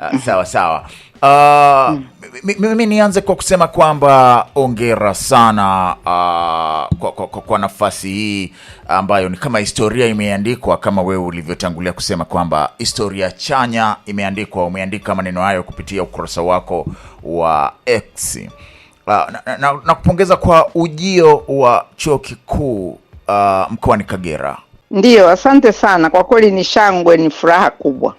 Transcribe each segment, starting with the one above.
Ah, sawa sawa. Uh, ah, hmm. mimi nianze kwa kusema kwamba ongera sana uh, kwa, kwa, kwa nafasi hii ambayo ni kama historia imeandikwa, kama wewe ulivyotangulia kusema kwamba historia chanya imeandikwa. Umeandika maneno hayo kupitia ukurasa wako wa X. Uh, nakupongeza na, na kwa ujio wa chuo kikuu uh, mkoani Kagera. ndio asante sana kwa kweli, ni shangwe, ni furaha kubwa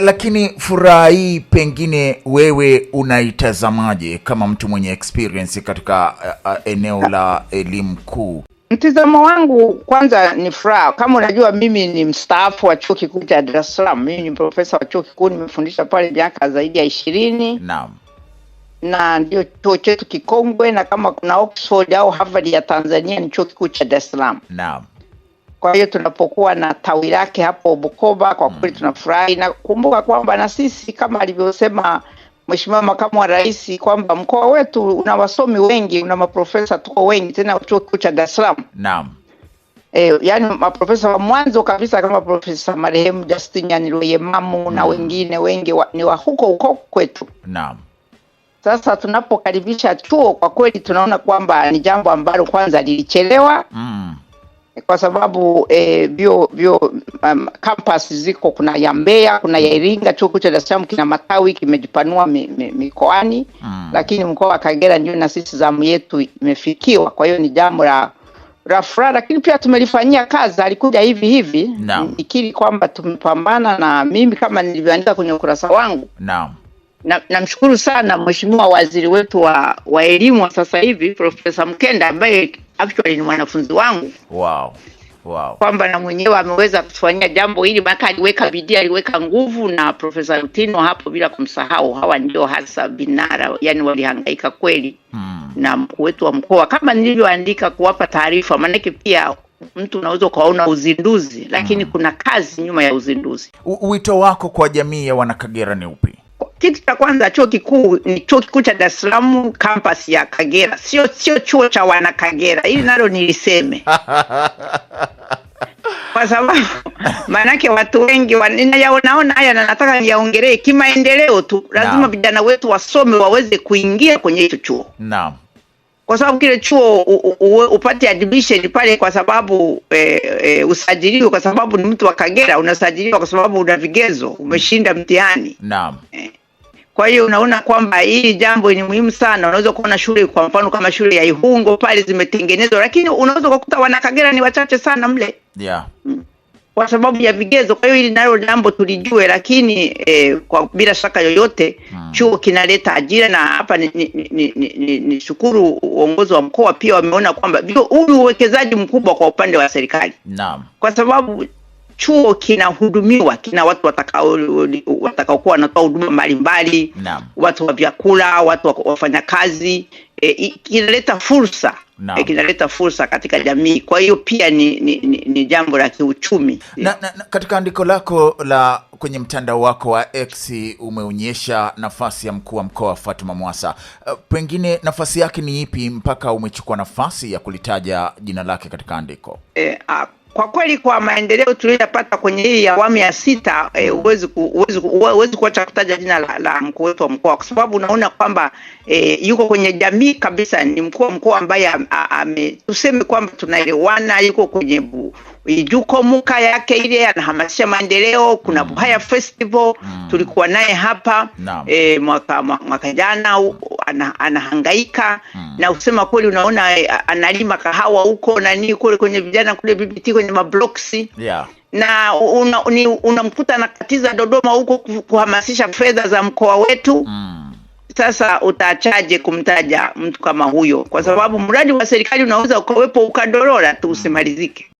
lakini furaha hii pengine wewe unaitazamaje kama mtu mwenye experience katika uh, uh, eneo la elimu kuu? Mtizamo wangu kwanza ni furaha. Kama unajua, mimi ni mstaafu wa chuo kikuu cha Dar es Salaam. Mimi ni profesa wa chuo kikuu, nimefundisha pale miaka zaidi ya ishirini. Naam, na ndio chuo chetu kikongwe, na kama kuna Oxford au Harvard ya Tanzania ni chuo kikuu cha Dar es Salaam. Naam kwa hiyo tunapokuwa na tawi lake hapo Bukoba, kwa kweli mm. tunafurahi na kumbuka kwamba na sisi kama alivyosema Mheshimiwa Makamu wa Rais kwamba mkoa wetu una wasomi wengi, una maprofesa tuko wengi, tena chuo kikuu cha Dar es Salaam. Naam. E, yani maprofesa wa mwanzo kabisa kama Profesa marehemu Justinian Rweyemamu na mm. wengine wengi wa, ni wa huko huko kwetu. Naam. Sasa tunapokaribisha chuo kwa kweli tunaona kwamba ni jambo ambalo kwanza lilichelewa mm kwa sababu eh, vyo, vyo um, campus ziko, kuna ya Mbeya, kuna ya Iringa. Chuo Kikuu cha Dar es Salaam kina matawi, kimejipanua mi, mi, mikoani mm. Lakini mkoa wa Kagera ndio na sisi zamu yetu imefikiwa, kwa hiyo ni jambo la la furaha, lakini pia tumelifanyia kazi. Alikuja hivi hivi no. kwamba tumepambana, na mimi kama nilivyoandika kwenye ukurasa wangu no. Namshukuru na sana mheshimiwa waziri wetu wa, wa elimu wa sasa hivi Profesa Mkenda ambaye actually ni mwanafunzi wangu wow. Wow. kwamba na mwenyewe ameweza kutufanyia jambo hili, maana aliweka bidii, aliweka nguvu na Profesa Rutino hapo, bila kumsahau. Hawa ndio hasa binara, yani walihangaika kweli hmm. na mkuu wetu wa mkoa kama nilivyoandika kuwapa taarifa, maanake pia mtu unaweza ukaona uzinduzi lakini hmm. kuna kazi nyuma ya uzinduzi. U wito wako kwa jamii ya Wanakagera ni upi? Kitu cha kwanza, chuo kikuu ni chuo kikuu cha Dar es Salaam campus ya Kagera, sio sio chuo cha wana Kagera. Hili nalo niliseme kwa sababu maanake watu wengi ninayaonaona haya na nataka niyaongelee kimaendeleo tu. Lazima vijana wetu wasome waweze kuingia kwenye hicho chuo. Naam kwa sababu kile chuo u, u, upate admission pale kwa sababu e, e, usajiliwe kwa sababu ni mtu wa Kagera, unasajiliwa kwa sababu una vigezo, umeshinda mtihani. Naam. Kwa hiyo unaona kwamba hili jambo ni muhimu sana. Unaweza kuona shule kwa mfano kama shule ya Ihungo pale zimetengenezwa, lakini unaweza kukuta wanakagera ni wachache sana mle, yeah mm. kwa sababu ya vigezo. Kwa hiyo hili nalo jambo tulijue, lakini eh, kwa bila shaka yoyote hmm, chuo kinaleta ajira na hapa ni, ni, ni, ni, ni shukuru uongozi wa mkoa pia wameona kwamba huu uwekezaji mkubwa kwa upande wa serikali. Naam. Kwa sababu chuo kinahudumiwa, kina watu watakaokuwa wanatoa huduma mbalimbali, watu wa vyakula, watu wa wafanyakazi e, kinaleta fursa e, kinaleta fursa katika jamii. Kwa hiyo pia ni, ni, ni, ni jambo la kiuchumi na, na, na. Katika andiko lako la kwenye mtandao wako wa X umeonyesha nafasi ya mkuu wa mkoa Fatuma Mwasa, eh, pengine nafasi yake ni ipi mpaka umechukua nafasi ya kulitaja jina lake katika andiko e, eh, a, ah, kwa kweli kwa maendeleo tuliyoyapata kwenye hii awamu ya sita eh, huwezi eh, kuacha kutaja jina la, la mkuu wetu wa mkoa kwa sababu unaona kwamba eh, yuko kwenye jamii kabisa. Ni mkuu wa mkoa ambaye tuseme kwamba tunaelewana, yuko kwenye bu, juko muka yake ile, anahamasisha maendeleo. Kuna mm. Buhaya Festival mm. tulikuwa naye hapa eh, mwaka, mwaka jana ana, anahangaika hmm. na usema kweli, unaona eh, analima kahawa huko nanii kule kwenye vijana kule BBT kwenye mabloksi yeah. na unamkuta una anakatiza Dodoma huko kuhamasisha fedha za mkoa wetu mm. Sasa utaachaje kumtaja mtu kama huyo, kwa sababu mradi wa serikali unaweza ukawepo ukadorora tu hmm. usimalizike.